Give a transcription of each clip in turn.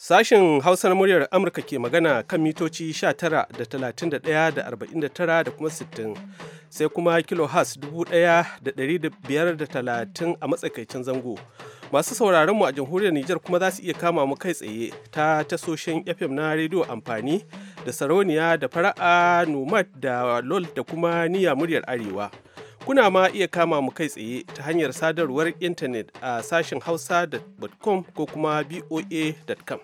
Sashen Hausar muryar Amurka ke magana kan mitoci 19 da 31 da 49 da kuma 60 sai kuma da 1,530 a matsakaicin zango. Masu sauraron mu a jamhuriyar Nijar kuma za su iya kama mu kai tsaye ta tasoshin FM na rediyo amfani da sarauniya da fara'a nomad da lol da kuma niyya muryar arewa. Kuna ma iya kama mu kai tsaye ta hanyar sadarwar intanet a sashen hausa.com ko kuma boa.com.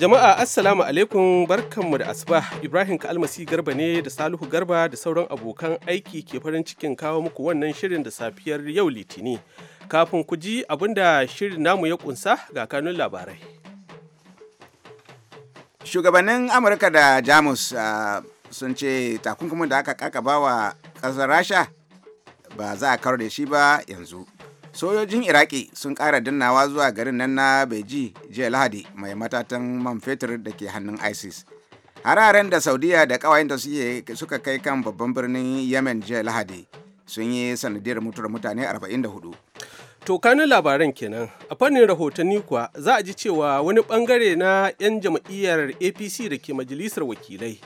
Jama'a Assalamu alaikum barkanmu da asuba Ibrahim Kalmasi Garba ne da Salihu Garba da sauran abokan aiki ke farin cikin kawo muku wannan shirin da safiyar yau Litini. Kafin ku ji da shirin namu ya kunsa ga kanun labarai. Shugabannin Amurka da Jamus ah, sun ce takunkumin da aka kakaba wa ƙasar rasha ba za a karo da shi ba yanzu sojojin iraki sun ƙara dannawa zuwa garin nan na beji jiya lahadi mai matatan man fetur da ke hannun isis hararen da saudiya da da suka kai kan babban birnin yemen jiya lahadi sun yi sanadiyar mutuwar mutane 44 To kanin labaran kenan a fannin rahotanni kuwa za a ji cewa wani bangare na 'yan jam'iyyar apc da ke majalisar wakilai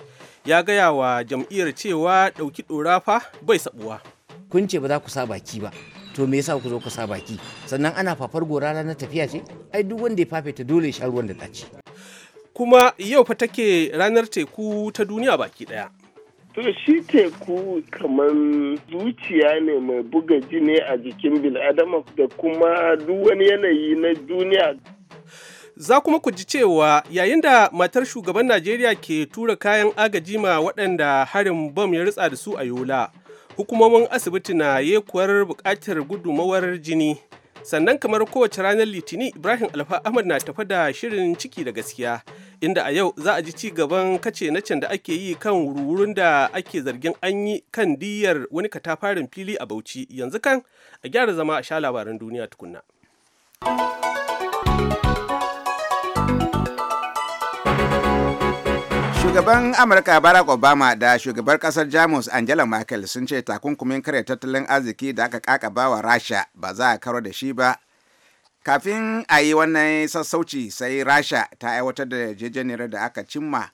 ya gaya wa jam'iyyar cewa ɗauki ɗorafa bai sabuwa. Kun ce ba za ku sa baki ba, to me yasa ku zo ku sa baki? Sannan ana fafar gora na tafiya ce? Ai duk wanda ya fafe ta dole ya sha ruwan da ɗaci. Kuma yau fa take ranar teku ta duniya baki ɗaya. To shi teku kamar zuciya ne mai buga jini a jikin bil'adama da kuma duk wani yanayi na duniya. Za kuma ku ji cewa yayin da matar shugaban Najeriya ke tura kayan agaji ma waɗanda harin bom ya ritsa da su a Yola, hukumomin asibiti na yekuwar buƙatar gudumawar jini. Sannan kamar kowace ranar Litinin Ibrahim Alfa Ahmad na tafa da shirin ciki da gaskiya, inda a yau za a ji ci gaban kace na can da ake yi kan wurwurin da ake zargin an yi kan diyar wani katafarin fili a Bauchi. Yanzu kan a gyara zama a sha labaran duniya tukunna. Shugaban Amurka Barack Obama da shugabar kasar Jamus Angela Merkel sun ce takunkumin kare tattalin arziki da aka kaka wa Rasha ba za a karo da shi ba. Kafin a yi wannan sassauci sai Rasha ta aiwatar da yarjejeniyar da aka cimma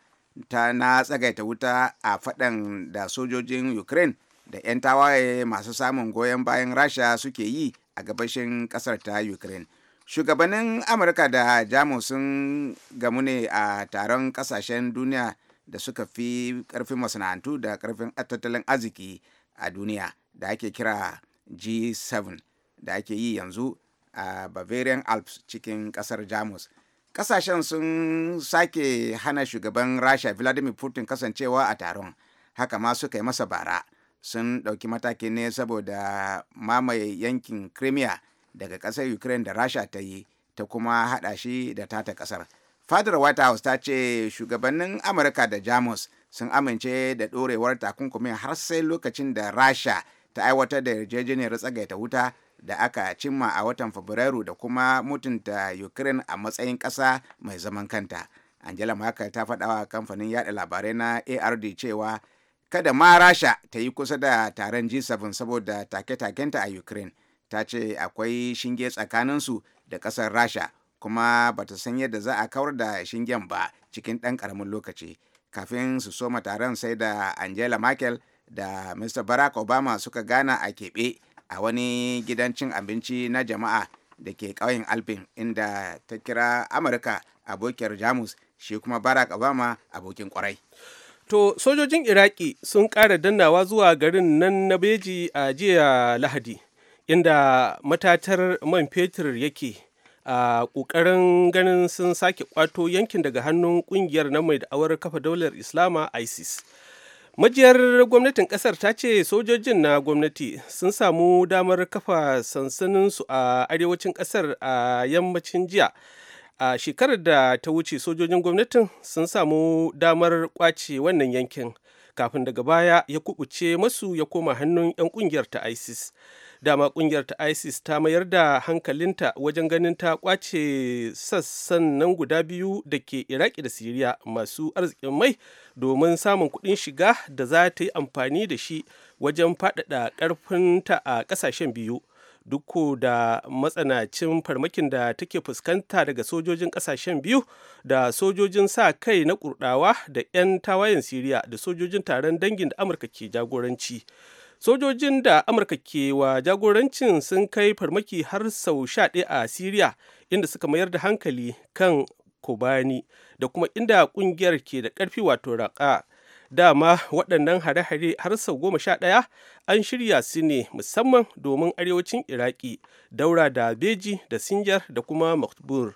ta na tsagaita wuta a fadan da sojojin Ukraine da 'yan tawaye masu samun goyon bayan Rasha suke yi a gabashin ƙasar ta Ukraine. shugabannin amurka da jamus sun gamu ne a taron kasashen duniya da suka fi karfin masana'antu da karfin tattalin arziki a duniya da ake kira g7 da ake yi yanzu a bavarian alps cikin kasar jamus kasashen sun sake hana shugaban rasha vladimir putin kasancewa a taron haka ma suka yi masa bara sun ɗauki mataki ne saboda mamaye yankin crimea daga ƙasar ukraine da rasha ta yi ta kuma haɗa shi da tata ƙasar fadar white house ta ce shugabannin amurka da jamus sun amince da ɗorewar takunkumin har sai lokacin da rasha ta aiwatar da yarjejeniyar tsagaita wuta da aka cimma a watan fabrairu da kuma mutunta ukraine a matsayin ƙasa mai zaman kanta angela merkel ta faɗawa kamfanin yada labarai na ard cewa kada ma rasha ta yi kusa da taron g7 saboda take-takenta a ukraine ta ce akwai shinge tsakaninsu da ƙasar rasha kuma ba ta san yadda za a kawar da shingen ba cikin ɗan ƙaramin lokaci kafin su soma taron sai da angela merkel da mr barack obama suka gana a keɓe a wani gidan cin abinci na jama'a da ke ƙauyen alpin inda ta kira amurka abokiyar jamus shi kuma barack obama abokin kwarai to sojojin iraki sun ƙara dannawa zuwa garin nan na beji a jiya lahadi inda matatar man fetur yake a ƙoƙarin ganin sun sake kwato yankin daga hannun ƙungiyar na mai da'awar kafa daular islama isis majiyar gwamnatin ƙasar ta ce sojojin na gwamnati sun samu damar kafa sansaninsu a arewacin ƙasar a yammacin jiya a shekarar da ta wuce sojojin gwamnatin sun samu damar kwace wannan yankin kafin daga baya ya kubuce masu ya koma hannun 'yan kungiyar ta isis dama kungiyar ta isis ta mayar da hankalinta wajen ganin ta kwace sassan nan guda biyu da ke iraki da siriya masu arzikin mai domin samun kudin shiga da za ta yi amfani da shi wajen faɗaɗa ƙarfinta a ƙasashen biyu duk da matsanacin farmakin da take fuskanta daga sojojin ƙasashen biyu da sojojin sa kai na kurdawa da 'yan tawayen siriya da sojojin taron dangin da amurka ke jagoranci sojojin da amurka ke wa jagorancin sun kai farmaki har sau sha a siriya inda suka mayar da hankali kan kobani da kuma inda ƙungiyar ke da ƙarfi wato raƙa dama waɗannan hare-hare har sau goma sha ɗaya an shirya su ne musamman domin arewacin iraki daura da beji da sinjar da kuma makbur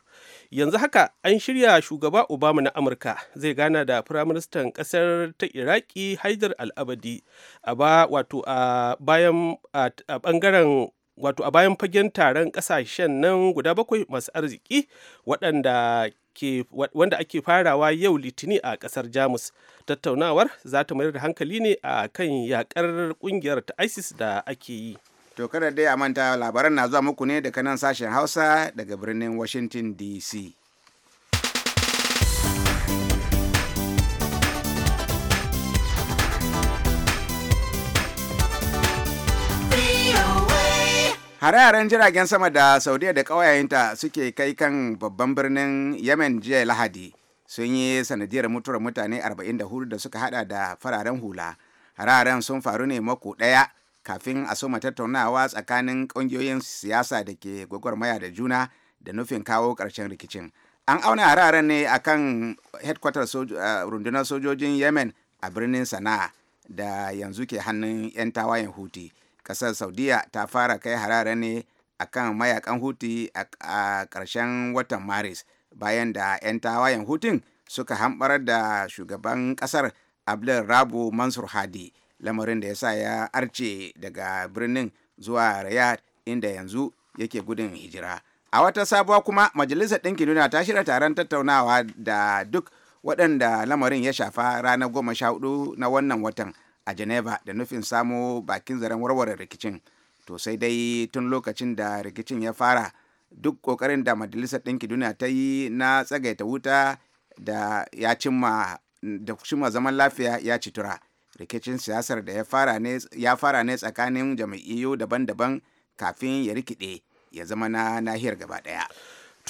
yanzu haka an shirya shugaba obama na amurka zai gana da firaministan ƙasar ta iraki haidar al'abadi a wato a bayan a ɓangaren wato a bayan fagen taron ƙasashen nan guda bakwai masu arziki waɗanda wanda ake farawa yau litini a kasar jamus tattaunawar za ta mayar da hankali ne a kan yakar kungiyar ta isis da ake yi to kada dai a manta labaran na zuwa muku ne daga nan sashen hausa daga birnin washington dc hare-haren jiragen sama da saudiya da ƙawayenta suke kai kan babban birnin yemen jiya lahadi sun yi sanadiyar mutuwar mutane 44 da suka hada da fararen hula hare-haren sun faru ne mako ɗaya kafin a soma tattaunawa tsakanin ƙungiyoyin siyasa da ke gwagwarmaya da juna da nufin kawo ƙarshen rikicin an auna hararen ne a kan hedkwatar eh, rundunar sojojin yemen a birnin sana'a da yanzu ke hannun 'yan tawayen huti kasar saudiya ta fara kai harare ne a kan mayakan huti a ƙarshen watan maris bayan da 'yan tawayen hutun suka hambar da shugaban ƙasar abdul rabu mansur hadi lamarin da ya sa ya arce daga birnin zuwa riyadh inda yanzu yake gudun hijira a wata sabuwa kuma majalisar ɗinkin duniya ta shirya taron tattaunawa da duk waɗanda lamarin ya shafa ranar goma sha hudu na wannan watan a geneva da nufin samo bakin zaren warware rikicin to sai dai tun lokacin da rikicin ya fara duk kokarin da majalisar ɗinki duniya ta yi na tsagaita wuta da ya cimma da cimma zaman lafiya ya citura rikicin siyasar da ya fara ne tsakanin jam'iyyu daban-daban kafin ya rikide ya zama na nahiyar gaba ɗaya.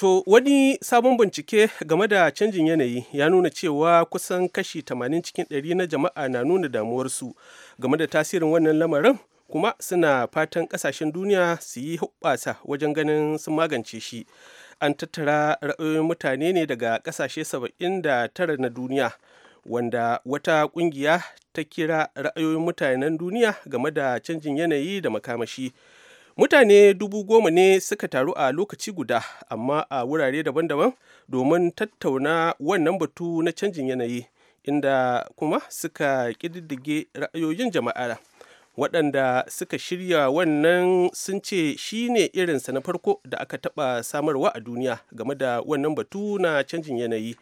To wani sabon bincike game da canjin yanayi ya nuna cewa kusan kashi 80 cikin 100 na jama'a na nuna damuwarsu game da tasirin wannan lamarin kuma suna fatan kasashen duniya su yi hubbasa wajen ganin sun magance shi. An tattara ra'ayoyin mutane ne daga kasashe 79 na duniya wanda wata kungiya ta kira ra'ayoyin mutanen duniya game da canjin yanayi da makamashi. mutane dubu goma ne suka taru a lokaci guda amma a wurare daban-daban domin tattauna wannan batu na canjin yanayi inda kuma suka ƙididdige ra'ayoyin jama'a waɗanda suka shirya wannan sun ce shi ne irinsa na farko da aka taɓa samarwa a duniya game da wannan batu na canjin yanayi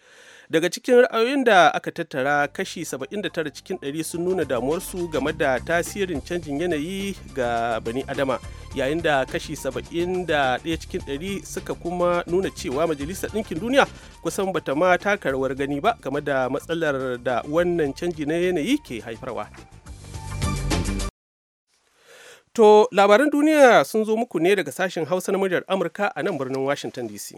daga cikin ra'ayoyin da aka tattara kashi 79 cikin 100 sun nuna damuwarsu game da tasirin canjin yanayi ga bani adama yayin da kashi 71 cikin 100 suka kuma nuna cewa majalisar ɗinkin duniya kusan bata ma takarwar gani ba game da matsalar da wannan canji na yanayi ke haifarwa To labaran duniya sun zo muku ne daga sashen hausa na muryar amurka a nan birnin washington dc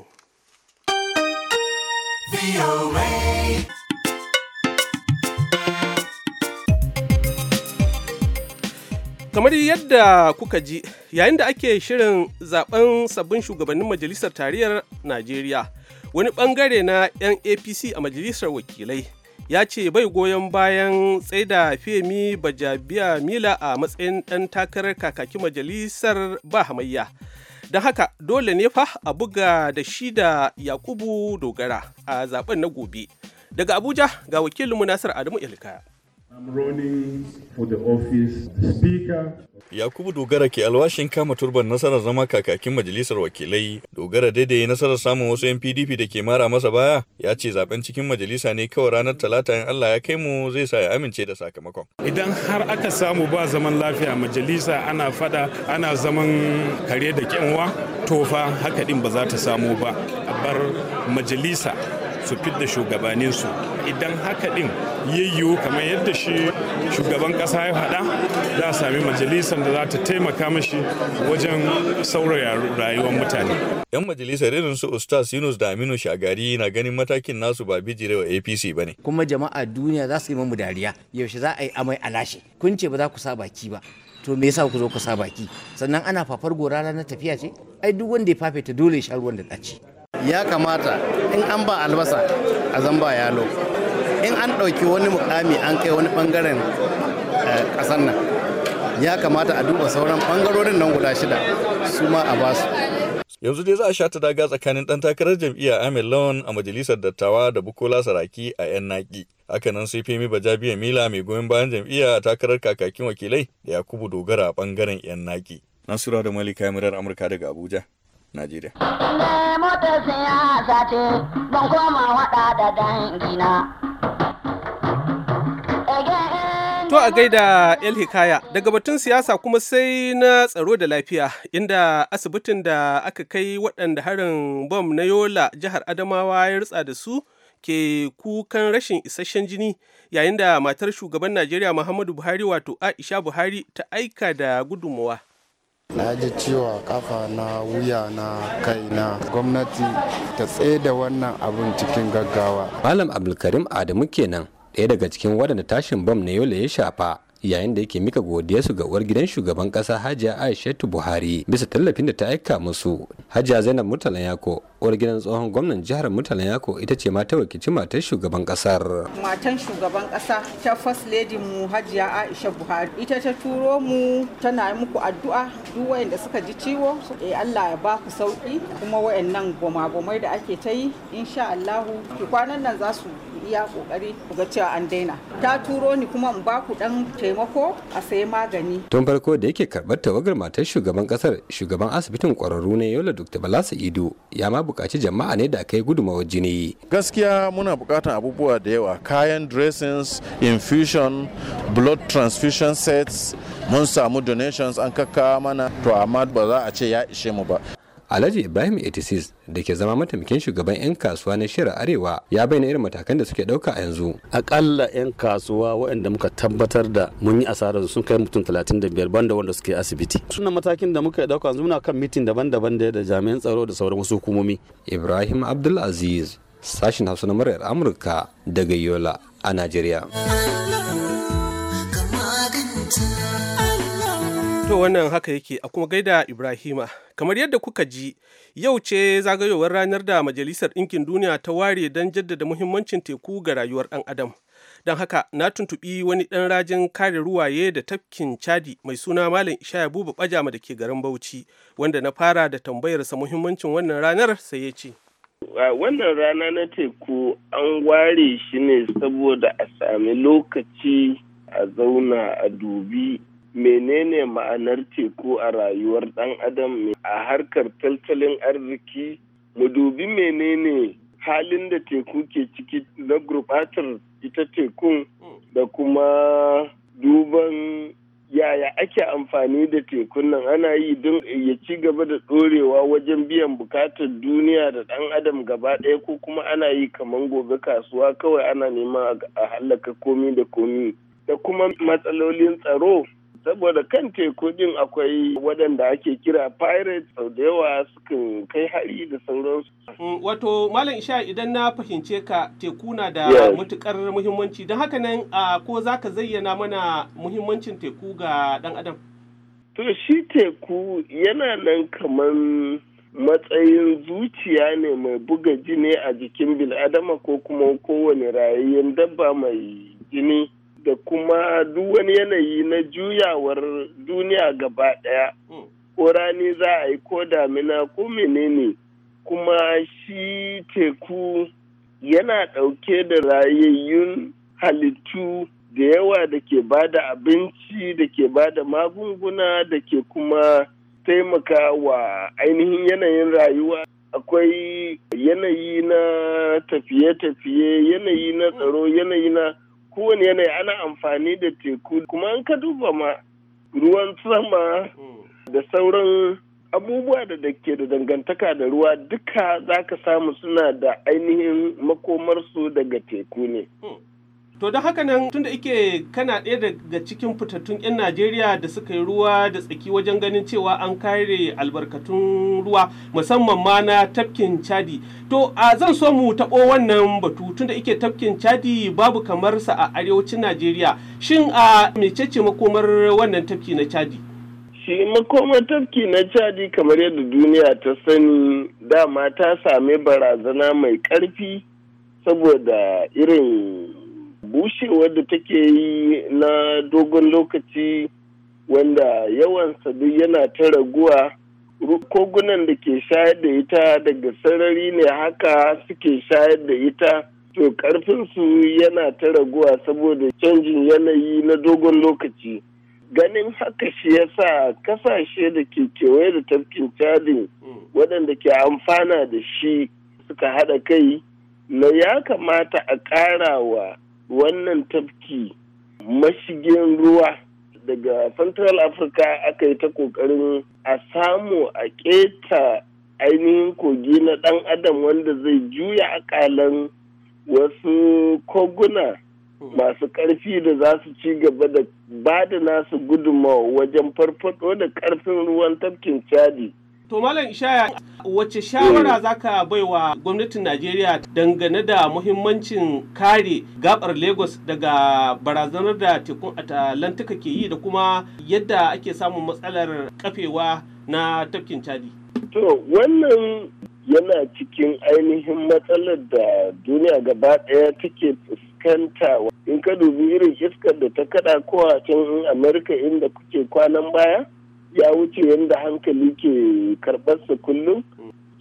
kamar yadda kuka ji yayin da ake shirin zaben sabbin shugabannin majalisar Tariyar najeriya wani bangare na 'yan apc a majalisar wakilai ya ce bai goyon bayan tsaida femi bajabiya mila a matsayin ɗan takarar kakaki majalisar ba hamayya Don haka dole ne fa a buga da shi da Yakubu Dogara a zaben na gobe. Daga Abuja ga wakilinmu Nasir Adamu Ilkaya. Yakubu Dogara ke alwashin kama turban nasarar zama kakakin majalisar wakilai. Dogara daidai nasarar samun wasu 'yan PDP da ke mara masa baya ya ce zaben cikin majalisa ne kawai ranar talata in Allah ya kai mu zai sa ya amince da sakamakon. Idan har aka samu ba zaman lafiya majalisa ana fada ana zaman kare da kyanwa to fa haka din ba za ta samu ba. A bar majalisa su fidda shugabaninsu idan haka din yayyu kamar yadda shi shugaban kasa ya faɗa za a sami majalisar da za ta taimaka mashi wajen sauraya rayuwar mutane yan majalisar irin su ustaz yunus da aminu shagari na ganin matakin nasu ba wa apc ba ne kuma jama'a duniya za su yi mamu dariya yaushe za a yi amai a lashe kun ce ba za ku sa baki ba to me yasa ku zo ku sa baki sannan ana fafar gora na tafiya ce ai duk wanda ya fafe ta dole ya sha ruwan da ɗaci ya kamata in an ba albasa a zamba ya yalo in an ɗauki wani mukami an kai wani ɓangaren eh, ƙasar nan ya kamata a duba sauran ɓangarorin nan guda shida su ma a basu yanzu dai za a sha ta daga tsakanin ɗan takarar jam'iyyar Amir Lawan a majalisar dattawa da Bukola Saraki a 'yan naki Hakanan sai Femi Bajabiya Mila mai goyon bayan jam'iyya a takarar kakakin wakilai da Yakubu Dogara a ɓangaren 'yan naƙi. Nasura da Malika Yamirar Amurka daga Abuja. najeriya ne motar siyasa ce ban koma wada da dangina To a gaida El Hikaya daga batun siyasa kuma sai na tsaro da lafiya inda asibitin da aka kai waɗanda harin bom na Yola jihar Adamawa ya rutsa da su ke kukan rashin isasshen jini yayin da matar shugaban Najeriya Muhammadu Buhari wato Aisha Buhari ta aika da gudunmawa. na ji cewa kafa na wuya na kai na gwamnati ta tsaye da wannan abun cikin gaggawa malam abdulkarim adamu kenan ɗaya daga cikin waɗanda tashin bam na yola ya shafa yayin da yake mika su ga uwar gidan shugaban ƙasa hajiya aishatu buhari bisa tallafin da ta aika musu hajiya zainab murtala yako uwar gidan tsohon gwamnan jihar murtala yako ita ce ma ta wakilci matar shugaban kasar matan shugaban kasa ta first lady mu hajiya aisha buhari ita ta turo mu tana muku addu'a duk wayanda suka ji ciwo eh allah ya ba ku sauki kuma wayannan goma-gomai da ake ta yi insha allahu ki kwanan nan za su iya kokari ga cewa an daina ta turo ni kuma in ba ku dan taimako a sai magani tun farko da yake karbar tawagar matar shugaban kasar shugaban asibitin kwararru ne yola dr balasa ido ya ma buƙaci jama'a ne da aka kai gudumawar jini gaskiya muna buƙatar abubuwa da yawa kayan dressings infusion blood transfusion sets mun samu donations an kakka mana to amma ba za a ce ya ishe mu ba Alhaji Ibrahim 86 da ke zama mataimakin shugaban 'yan kasuwa na shirin Arewa ya bayyana irin matakan da suke ɗauka a yanzu. Akalla 'yan kasuwa waɗanda muka tabbatar da mun yi asarar sun kai mutum 35 banda wanda suke asibiti. Sunan matakin da muka ɗauka yanzu muna kan mitin daban-daban da da jami'an tsaro da sauran wasu hukumomi. Ibrahim Abdul Aziz sashin Hausa na muryar Amurka daga Yola a Najeriya. To wannan haka yake a kuma gaida Ibrahima. Kamar yadda kuka ji, yau ce zagayowar ranar da Majalisar Ɗinkin Duniya ta ware don jaddada muhimmancin teku ga rayuwar ɗan adam. Don haka na tuntuɓi wani ɗan rajin kare ruwaye da tafkin Chadi mai suna Malam Ishaya Buba Bajama da ke garin Bauchi, wanda na fara da tambayarsa muhimmancin wannan ranar sai ya ce. Wannan rana na teku an ware shi ne saboda a sami lokaci a zauna a dubi menene ma'anar teku a rayuwar ɗan adam a harkar tattalin arziki mu dubi menene halin da teku ke ciki na gurbatar ita tekun da kuma duban yaya ake amfani da tekun nan ana yi don ya ci gaba da ɗorewa wajen biyan bukatar duniya da ɗan adam gaba ɗaya ko kuma ana yi kamar gobe kasuwa kawai ana neman a hallaka komi da komi da kuma matsalolin tsaro saboda kan teku din akwai waɗanda ake kira pirates sau da yawa sukan kai hari da sauransu. wato malam isha idan na fahimce ka teku na da matukar muhimmanci don haka nan a ko za ka zayyana mana muhimmancin teku ga ɗan adam to shi teku yana nan kamar matsayin zuciya ne mai buga jini a jikin bil'adama ko kuma kowane rayayyen dabba mai jini da kuma duk wani yanayi na juyawar duniya gaba ɗaya hmm. ko rani za a yi ko damina ko menene kuma shi teku yana ɗauke da rayayyun halittu da yawa da ke ba da abinci da ke ba da magunguna da ke kuma taimaka wa ainihin yanayin rayuwa akwai yanayi na tafiye-tafiye yanayi na tsaro yanayi na kowane yanayi ana amfani da teku kuma an ka duba ma ruwan sama da sauran abubuwa da ke da dangantaka da ruwa duka za ka samu suna da ainihin makomarsu daga teku ne. To don haka nan tunda ike kana ɗaya daga cikin fitattun 'yan Najeriya da suka yi ruwa da tsaki wajen ganin cewa an kare albarkatun ruwa musamman ma na tafkin Chadi. To a zan so mu taɓo wannan batu tunda ike tafkin Chadi babu kamar sa a arewacin Najeriya. Shin a mecece makomar wannan tafki na Chadi? Shi makomar tafki na Chadi kamar yadda duniya ta sani dama ta same barazana mai karfi saboda irin bushewar da take yi na dogon lokaci wanda yawan duk yana ta raguwa kogunan da ke shayar da ita daga sarari ne haka suke shayar da ita to karfinsu yana ta raguwa saboda canjin yanayi na dogon lokaci ganin haka shi yasa kasashe da ke kewaye da tafkin cadin waɗanda ke amfana da shi suka haɗa kai na ya kamata a ƙarawa. wannan tafki mashigin ruwa daga central africa aka yi ta kokarin a samu a keta ainihin kogi na dan adam wanda zai juya akalan wasu koguna hmm. masu ƙarfi da za su ci gaba da ba da nasu gudunmawa wajen farfado da ƙarfin ruwan tafkin chadi To Malam Ishaya wace shawara zaka baiwa gwamnatin Najeriya dangane da muhimmancin kare gabar Lagos daga barazanar da tekun Atalantika ke yi da kuma yadda ake samun matsalar kafewa na tafkin Chadi? To wannan yana cikin ainihin matsalar da duniya gaba ɗaya take fuskanta in ka dubi irin iskar da ta kaɗa ko a can inda kuke kwanan baya ya wuce yadda hankali ke karɓarsa kullum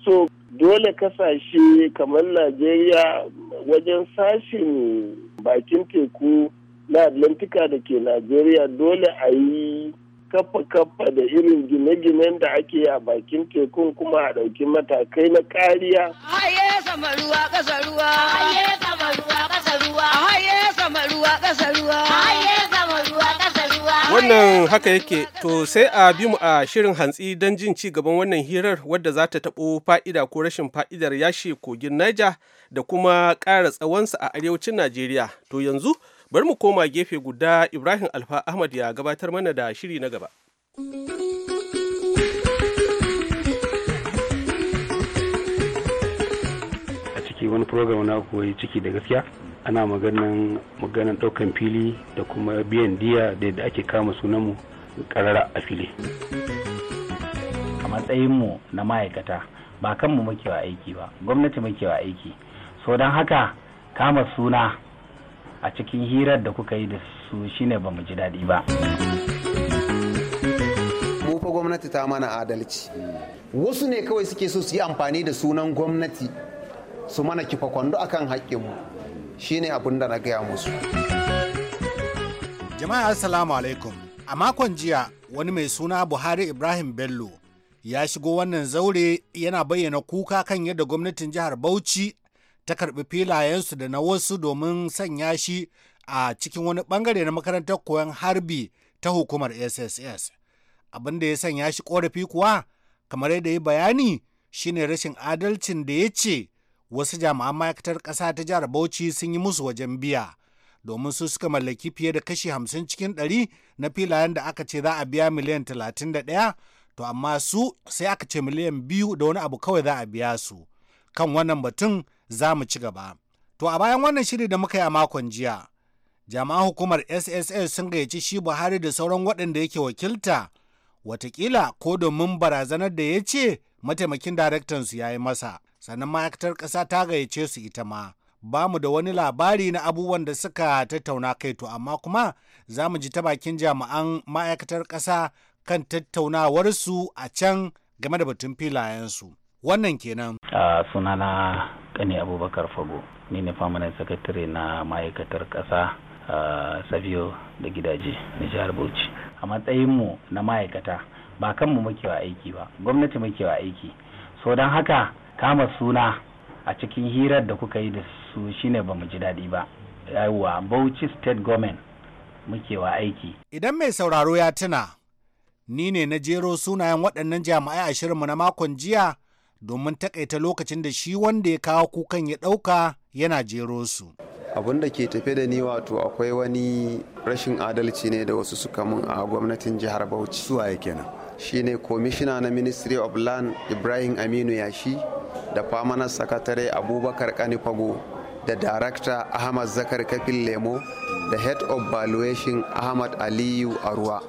so dole kasashe kamar najeriya wajen sashen bakin teku na atlantika da ke najeriya dole a yi kafa-kafa da irin gine-ginen da ake a bakin tekun kuma a ɗauki matakai na kariya. Haye sama ruwa ƙasa ruwa. Haye sama ruwa ƙasa ruwa. sama ruwa ƙasa ruwa. wannan haka yake to sai a bi mu a shirin hantsi don jin ci gaban wannan hirar wadda za ta taɓo fa'ida ko rashin fa'idar yashe kogin Naija da kuma ƙara tsawonsa a arewacin Najeriya. To yanzu bari mu koma gefe guda Ibrahim Alfa Ahmad ya gabatar mana da shiri na gaba. A ciki wani program na koyi ciki da gaskiya ana maganin ɗaukan fili da kuma biyan diya da yadda ake kama sunanmu karara a fili a matsayinmu na ma'aikata ba kanmu muke aiki ba gwamnati muke wa aiki so don haka kama suna a cikin hirar da kuka yi da su shine ba mu ji daɗi ba fa gwamnati ta mana adalci wasu ne kawai suke so su yi amfani da sunan gwamnati su mana kifa kwando akan haƙƙinmu shine abin da na gaya musu jama'a assalamu alaikum a makon jiya wani mai suna buhari ibrahim bello ya shigo wannan zaure yana bayyana kuka kan yadda gwamnatin jihar bauchi ta karɓi filayensu da na wasu domin sanya shi a cikin wani bangare na makarantar koyon harbi ta hukumar sss abin da ya sanya shi korafi kuwa kamar yadda ya bayani shine rashin adalcin da ya ce wasu jami'an ma'aikatar ƙasa ta jihar bauchi sun yi musu wajen biya domin su suka mallaki fiye da kashi hamsin cikin ɗari na filayen da aka ce za a biya miliyan talatin da ɗaya, to amma su sai aka ce miliyan biyu da wani abu kawai za a biya su kan wannan batun za mu ci gaba to a bayan wannan shiri da muka yi a makon jiya jami'an hukumar sss sun gayyaci shi buhari da sauran waɗanda yake wakilta watakila ko domin barazanar da ya ce mataimakin daraktansu ya yi masa sannan ma'aikatar ƙasa ta gayyace su ita ma ba mu da wani labari na abubuwan da suka tattauna kai to amma kuma za mu ji ta bakin jami'an ma'aikatar ƙasa kan tattaunawar su a can game da batun su wannan kenan a sunana kani abubakar fago ni ne permanent secretary na ma'aikatar ƙasa a savio da gidaje na jihar bauchi a matsayinmu na ma'aikata ba kanmu muke wa aiki ba gwamnati muke wa aiki so don haka kama suna a cikin hirar da kuka yi da su shine ba mu ji daɗi ba yawa bauchi state government muke wa aiki idan mai sauraro ya tuna ni ne na jero sunayen waɗannan jami'ai a shirinmu na makon jiya domin takaita lokacin da shi wanda ya kawo kukan ya ɗauka yana jero su abin da ke tafe da ni wato akwai wani rashin adalci ne da wasu suka mun a gwamnatin jihar bauchi ya kenan shine komishina na ministry of land ibrahim aminu yashi da permanent sakatare abubakar kanifago da darakta ahmad zakar kafin lemo da head of valuation ahmad aliyu arwa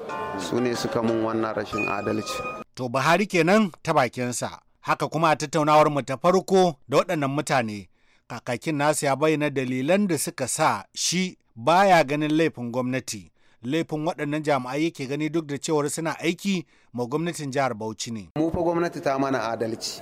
su ne suka mun wannan rashin adalci to buhari kenan ta bakinsa haka kuma a tattaunawar mu ta farko da waɗannan mutane kakakin nasu ya bayyana dalilan da suka sa shi baya ganin laifin gwamnati laifin waɗannan jami'ai yake gani duk da cewar suna aiki ma gwamnatin jihar Bauchi ne. Mu fa gwamnati ta mana adalci.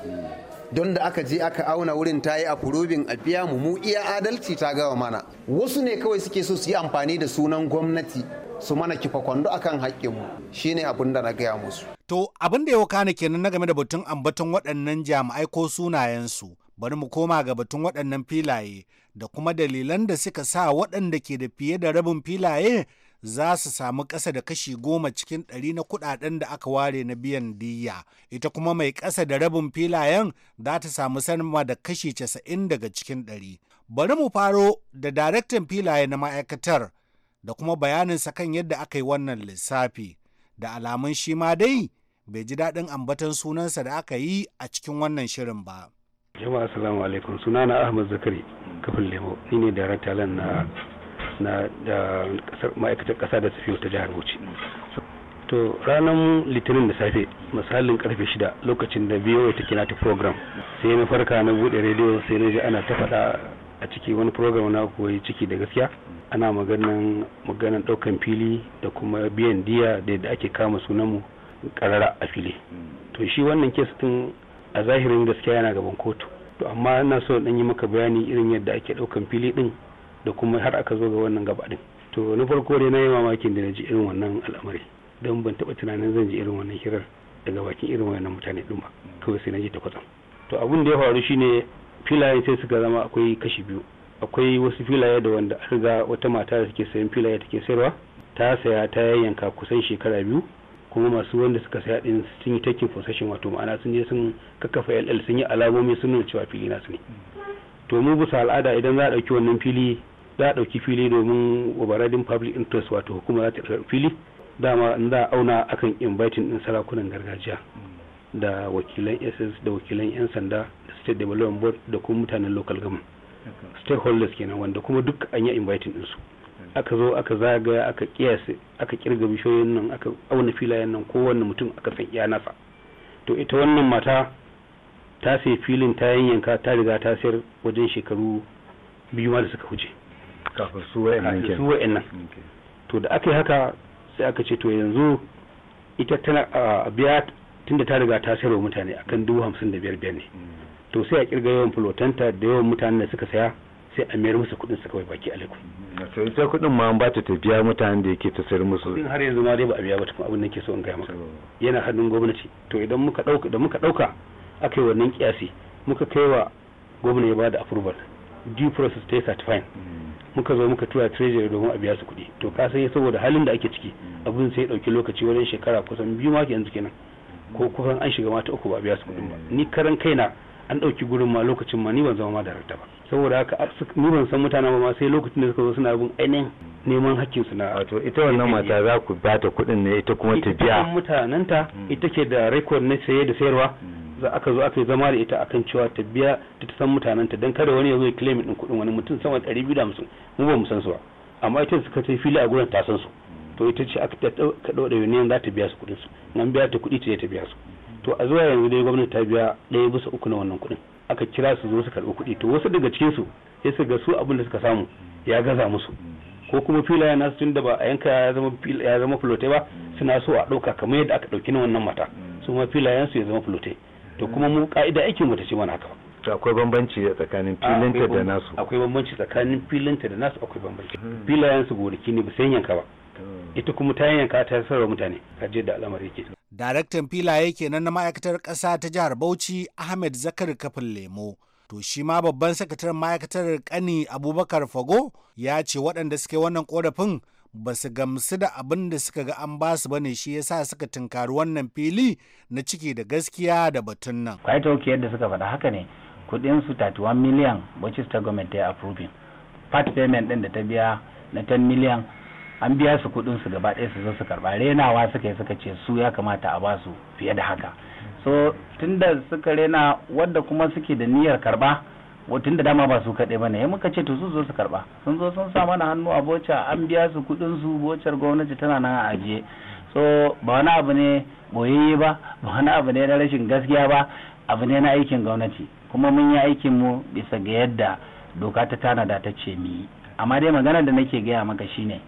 Don da aka je aka auna wurin ta yi a furobin a biya mu mu iya adalci ta gawa mana. Wasu ne kawai suke so su yi amfani da sunan gwamnati su mana kifa kwando akan haƙƙinmu shine abin da na gaya musu. To abin da ya wakana kenan na game da batun ambaton waɗannan jami'ai ko sunayensu bari mu koma ga batun waɗannan filaye da kuma dalilan da suka sa waɗanda ke da fiye da rabin filaye za su samu ƙasa da kashi goma cikin ɗari na kuɗaɗen da aka ware na biyan diyya ita kuma mai ƙasa da rabin filayen za ta samu sama da kashi casa'in daga cikin ɗari bari mu faro da daraktan filaye na ma'aikatar da kuma bayaninsa kan yadda aka yi wannan lissafi da alamun shi ma dai bai ji daɗin ambaton sunansa da aka yi a cikin wannan shirin ba. jama'a assalamu alaikum sunana ahmad zakari kafin lemo ni ne darakta na na da ma'aikatar kasa da tafiyo ta jihar bauchi to ranar litinin da safe misalin karfe shida lokacin da biyo ta kina ta program sai na farka na bude rediyo sai na ji ana ta faɗa a ciki wani program na koyi ciki da gaskiya ana maganan maganan ɗaukan fili da kuma biyan diya da yadda ake kama sunanmu karara a fili to shi wannan kes din a zahirin gaskiya yana gaban kotu to amma ina so dan yi maka bayani irin yadda ake ɗaukan fili din da kuma har aka zo ga wannan gaba din to na farko dai na yi mamakin da na ji irin wannan al'amari don ban taɓa tunanin zan ji irin wannan hirar daga bakin irin wannan mutane ɗin ba kawai sai na ji ta kwatsam to abin da ya faru shine filaye sai suka zama akwai kashi biyu akwai wasu filaye da wanda an riga wata mata da take sayan filaye take sayarwa ta saya ta yayyanka kusan shekara biyu kuma masu wanda suka saya din sun yi takin possession wato ma'ana sun je sun kakkafa LL sun yi alamomi sun nuna cewa fili nasu ne to mu bisa al'ada idan za a ɗauki wannan fili za a ɗauki fili domin overriding public interest wato hukuma za ta ɗauki fili dama in za a auna akan inviting ɗin sarakunan gargajiya da wakilan ss da wakilan 'yan sanda da state development board da kuma mutanen local government stakeholders kenan wanda kuma duk an yi inviting ɗinsu aka zo aka zagaya aka kiyase aka kirga bishiyoyin nan aka auna filayen nan kowanne mutum aka san iya nasa to ita wannan mata ta sai filin ta yanyanka ta riga ta sayar wajen shekaru biyu ma da suka wuce kafin su wa'annan su wa'annan to da aka yi haka sai aka ce to yanzu ita tana a biya tunda ta riga ta sayar wa mutane akan dubu hamsin da biyar biyar ne mm. to sai a kirga yawan fulotanta da yawan mutanen da suka saya sai a mayar musu kuɗin su kawai baki alaikum mm. to ita kudin ma an ba ta biya mutanen da yake ta sayar musu kuɗin har yanzu ma dai ba a biya ba tukun abin da ke so in gaya maka yana hannun gwamnati to idan muka ɗauka da muka ɗauka aka yi wannan kiyasi muka kai wa gwamnati ya ba da approval due process ta yi certifying mm. muka zo muka tura treasury domin a biya su kuɗi to ka san saboda halin da ake ciki hmm. abin sai ya ɗauki lokaci wajen shekara kusan biyu ma yanzu kenan hmm. ko kusan an shiga mata uku ba a biya su kuɗin ba hmm. ni karan kaina an ɗauki gurin ma lokacin ma ni ban zama ma da ba saboda haka ni ban san mutane ba ma sai lokacin da suka zo suna bin ainihin neman hakkin su na wato ita wannan mata za ku ba ta kuɗin ne ita kuma ta biya mutanen ta ita ke da record na saye da sayarwa za aka zo aka yi zama da ita akan cewa ta biya ta san mutanen ta dan kada wani ya zo ya claim din kuɗin wani mutum sama da 250 mu ba mu san su ba amma ita suka sai fili a gurin ta san su to ita ce aka ta dauda union za ta biya su kuɗin su nan biya ta kuɗi ce ta biya su to a zuwa yanzu dai gwamnati ta biya ɗaya bisa uku na wannan kuɗin aka kira su zo su karɓi kuɗi to wasu daga cikin su sai su ga su abin da suka samu ya gaza musu ko kuma filayen nasu tun da ba a yanka ya zama ya zama fulote ba suna so a ɗauka kamar yadda aka ɗauki na wannan mata su ma filayen su ya zama flotai to kuma mu ka'ida aikin mu ta ce mana haka ba akwai bambanci tsakanin filinta da nasu akwai bambanci tsakanin filinta da nasu akwai bambanci hmm. filayen su gonaki ne ba sai yanka ba ita kuma ta yanka ta sarwa mutane kaje da al'amari yake daraktan filaye kenan na ma'aikatar ƙasa ta jihar Bauchi Ahmed Zakar Kafin Lemo to shi ma babban sakataren ma'aikatar kani Abubakar Fago ya ce waɗanda suke wannan korafin ba su gamsu da abin da suka ga an basu ba ne shi ya sa suka tunkari wannan fili na ciki da gaskiya da batun nan. Quite okay yadda suka faɗa haka ne kuɗin su 31 miliyan which ta government ya approving. Part payment ɗin da ta biya na 10 miliyan an biya su kuɗin su gaba ɗaya su zo su karɓa renawa suka yi suka ce su ya kamata a ba su fiye da haka. So tunda suka rena wadda kuma suke da niyyar karɓa tun da dama ba su kaɗai ba ne ya muka ce to su zo su karɓa sun zo sun sa mana hannu a boca an biya su kuɗin su bocar gwamnati tana nan a ajiye so ba wani abu ne boyayye ba ba wani abu ne na rashin gaskiya ba abu ne na aikin gwamnati kuma mun yi aikin mu bisa ga yadda doka ta tanada ta ce mi amma dai maganar da nake gaya maka shine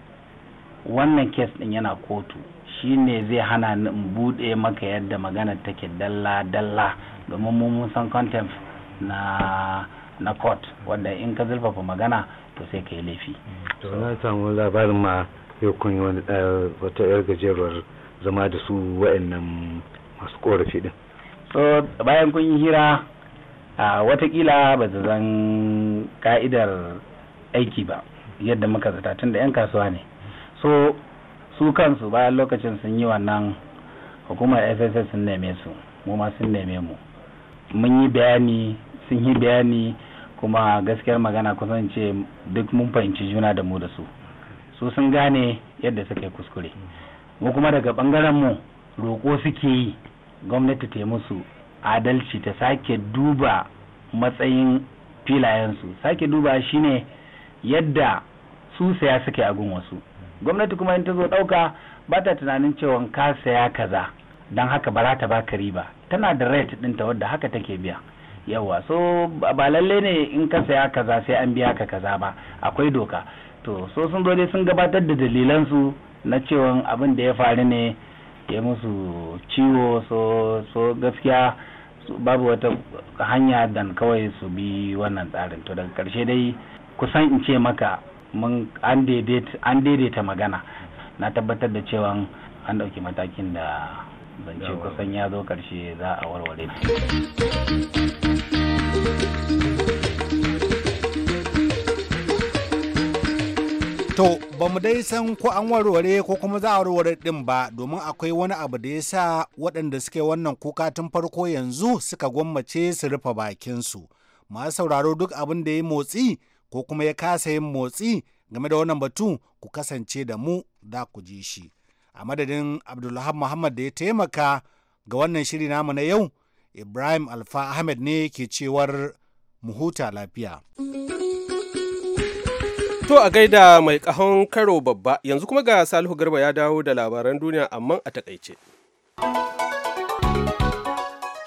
wannan kes din yana kotu shine zai hana ni in buɗe maka yadda maganar take dalla dalla domin mun san contempt na na court wanda in ka zurfafa magana to sai ka yi laifi to na samu labarin ma yau kun yi eh, wata yar gajeruwar zama da su wa'annan masu korafi din so bayan kun yi hira a watakila ba su zan ka'idar aiki ba yadda muka zata tun da 'yan kasuwa ne so su kansu bayan lokacin sun yi wannan hukumar fss sun neme su mu ma sun neme mu mun yi bayani sun yi bayani kuma gaskiyar magana kusan ce duk mun fahimci juna da mu da su su sun gane yadda suka yi kuskure mu kuma daga bangaren mu roƙo suke yi gwamnati ta musu adalci ta sake duba matsayin filayensu sake duba shine yadda su saya suke a wasu gwamnati kuma in ta zo ɗauka ba ta tunanin cewa ka saya kaza don haka ba za ta baka riba tana da rate ɗinta wadda haka take biya yawa so ba lalle ne in ka saya kaza sai an biya ka kaza ba akwai doka to so sun zo dai sun gabatar da dalilansu na cewa abin da ya faru ne ya musu ciwo so so gaskiya babu wata hanya dan kawai su bi wannan tsarin to daga karshe dai kusan in ce maka mun an daidaita magana na tabbatar da cewan an ɗauki matakin da zance kusan ya zo karshe za a warware To, ba mu dai san ko an warware ko kuma za a warware din ba domin akwai wani abu da ya sa waɗanda suke wannan kuka tun farko yanzu suka gwammace su rufe bakinsu. Masu sauraro duk abin da ya motsi ko kuma ya kasa yin motsi game da wannan batu ku kasance da mu da ku ji shi. A madadin Abdullahab Muhammad da ya taimaka ga wannan shiri namu na yau, Ibrahim Alfa Ahmed ne ke cewar mu huta lafiya. To a gaida mai kahon karo babba yanzu kuma ga Salihu Garba ya dawo da labaran duniya amma a takaice.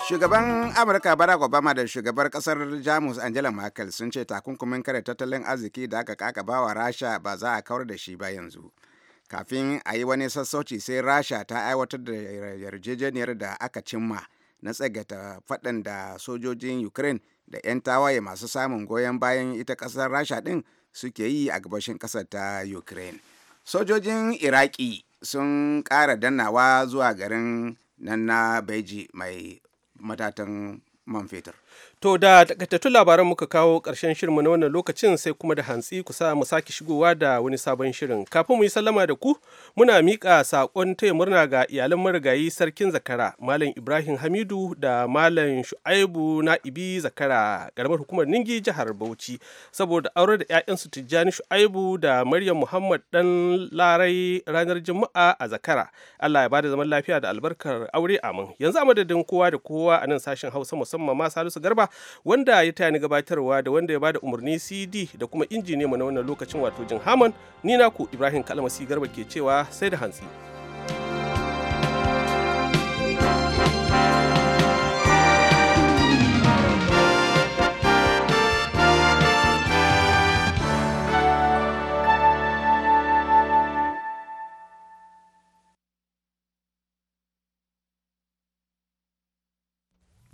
Shugaban Amurka Barack Obama da shugabar kasar Jamus Angela Merkel sun ce takunkumin kare tattalin arziki da aka kakabawa Rasha ba za a kawar da shi ba yanzu. Kafin a yi wani sassauci sai Rasha ta aiwatar da yarjejeniyar da aka cimma na tsagata faɗan da sojojin Ukraine da 'yan tawaye masu samun goyon bayan ita kasar Rasha ɗin suke yi a gabashin ƙasar ta ukraine sojojin iraki sun ƙara dannawa zuwa garin nan na beji mai matatan man fetur To da takaitattun labaran muka kawo ƙarshen shirinmu na wannan lokacin sai kuma da hantsi kusa mu sake shigowa da wani sabon shirin. Kafin mu yi sallama da ku muna miƙa saƙon taya murna ga iyalan marigayi sarkin zakara Malam Ibrahim Hamidu da Malam Shu'aibu Na'ibi Zakara garbar hukumar Ningi jihar Bauchi saboda aure da 'ya'yansu Tijjani Shu'aibu da Maryam Muhammad dan Larai ranar Juma'a a Zakara. Allah ya bada zaman lafiya da albarkar aure amin. Yanzu a madadin kowa da kowa a nan sashen Hausa musamman ma Salisu Garba wanda ya ni gabatarwa da wanda ya bada umarni CD da kuma injiniyanmu na wannan lokacin wato Jin Hammond ni ku Ibrahim Kalmasi Garba ke cewa sai da hantsi.